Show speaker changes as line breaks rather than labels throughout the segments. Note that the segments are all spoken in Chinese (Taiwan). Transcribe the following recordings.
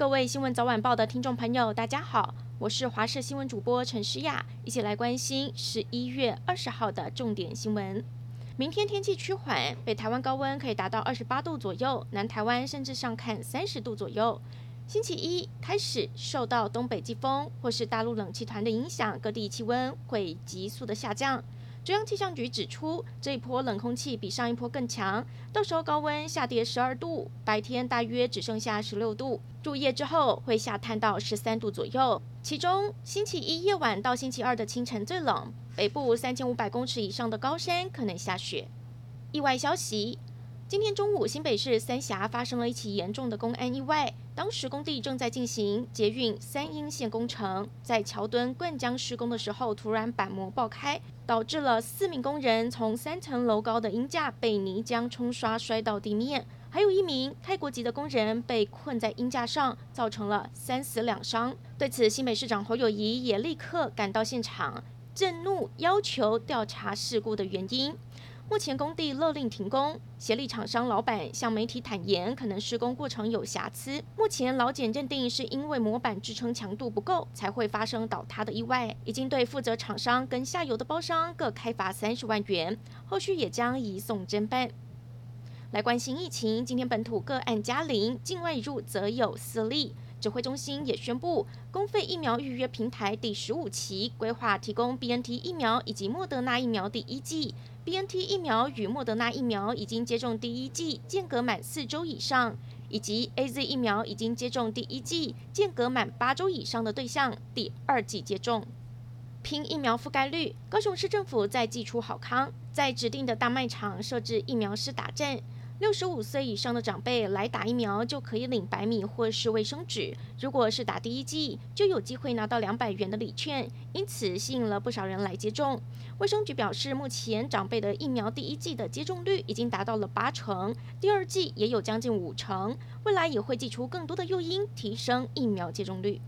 各位新聞早晚報的聽眾朋友，大家好，我是華視新聞主播陳詩雅，一起來關心十一月二十號的重點新聞。明天天氣趨緩，北台灣高溫可以達到二十八度左右，南台灣甚至上看三十度左右。星期一開始，受到東北季風或是大陸冷氣團的影響，各地氣溫會急速的下降。中央氣象局指出，這一波冷空氣比上一波更強，到時候高溫下跌十二度，白天大約只剩下十六度，入夜之後會下探到十三度左右。其中，星期一夜晚到星期二的清晨最冷，北部三千五百公尺以上的高山可能下雪。意外消息。今天中午，新北市三峽發生了一起嚴重的公安意外。當時工地正在進行捷運三鶯線工程，在橋墩灌漿施工的時候，突然板模爆開，導致了四名工人從三層樓高的鷹架被泥漿沖刷摔到地面，還有一名泰國籍的工人被困在鷹架上，造成了三死兩傷。對此，新北市長侯友宜也立刻趕到現場，震怒，要求調查事故的原因。目前工地勒令停工，協力廠商老闆向媒體坦言，可能施工過程有瑕疵。目前勞檢認定是因為模板支撐強度不夠，才會發生倒塌的意外，已經對負責廠商跟下游的包商各開罰三十萬元，後續也將移送偵辦。來關心疫情，今天本土個案加零，境外入則有四例。指揮中心也宣布，公費疫苗預約平台第十五期規劃提供 BNT 疫苗以及莫德納疫苗第一劑。BNT 疫苗與莫德納疫苗已經接種第一劑，間隔滿四周以上，以及 AZ 疫苗已經接種第一劑，間隔滿八周以上的對象，第二劑接種。拼疫苗覆蓋率，高雄市政府在祭出好康，在指定的大賣場設置疫苗施打站。六十五歲以上的長輩來打疫苗就可以領白米或是衛生紙，如果是打第一劑，就有機會拿到兩百元的禮券，因此吸引了不少人來接種。衛生局表示，目前長輩的疫苗第一劑的接種率已經達到了八成，第二劑也有將近五成，未來也會祭出更多的誘因，提升疫苗接種率。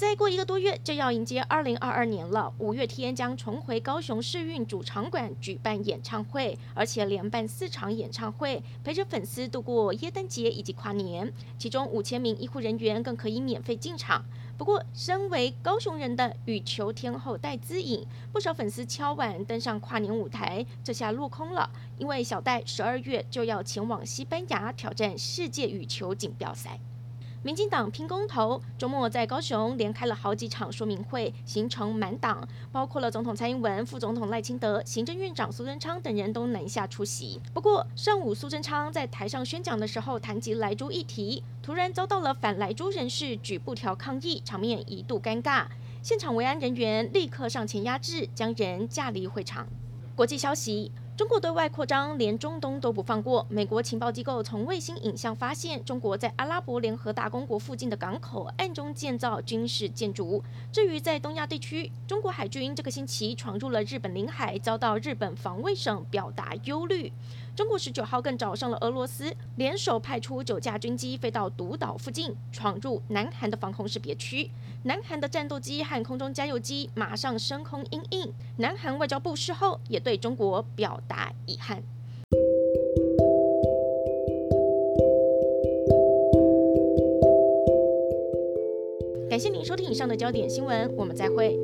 再過一個多月就要迎接二零二二年了，五月天將重回高雄世運主場館舉辦演唱會，而且連辦四場演唱會，陪着粉絲度過耶誕節以及跨年。其中五千名醫護人員更可以免費進場。不過，身為高雄人的羽球天后戴資穎，不少粉絲敲碗登上跨年舞台，這下落空了，因為小戴十二月就要前往西班牙挑戰世界羽球錦標賽。民進黨拼公投，周末在高雄連開了好幾場說明會，行程滿檔，包括了總統蔡英文、副總統賴清德、行政院長蘇貞昌等人都南下出席。不過上午蘇貞昌在台上宣講的時候，談及萊豬議題，突然遭到了反萊豬人士舉布條抗議，場面一度尷尬，現場維安人員立刻上前壓制，將人架離會場。國際消息。中國對外擴張，連中東都不放過。美國情報機構從衛星影像發現，中國在阿拉伯聯合大公國附近的港口暗中建造軍事建築。至於在東亞地區，中國海軍這個星期闖入了日本領海，遭到日本防衛省表達憂慮。中國十九號更找上了俄羅斯，聯手派出九架軍機飛到獨島附近，闖入南韓的防空識別區。南韓的戰鬥機和空中加油機馬上升空因應。南韓外交部事後也對中國表達遺憾。感謝您收聽以上的焦點新聞，我們再會。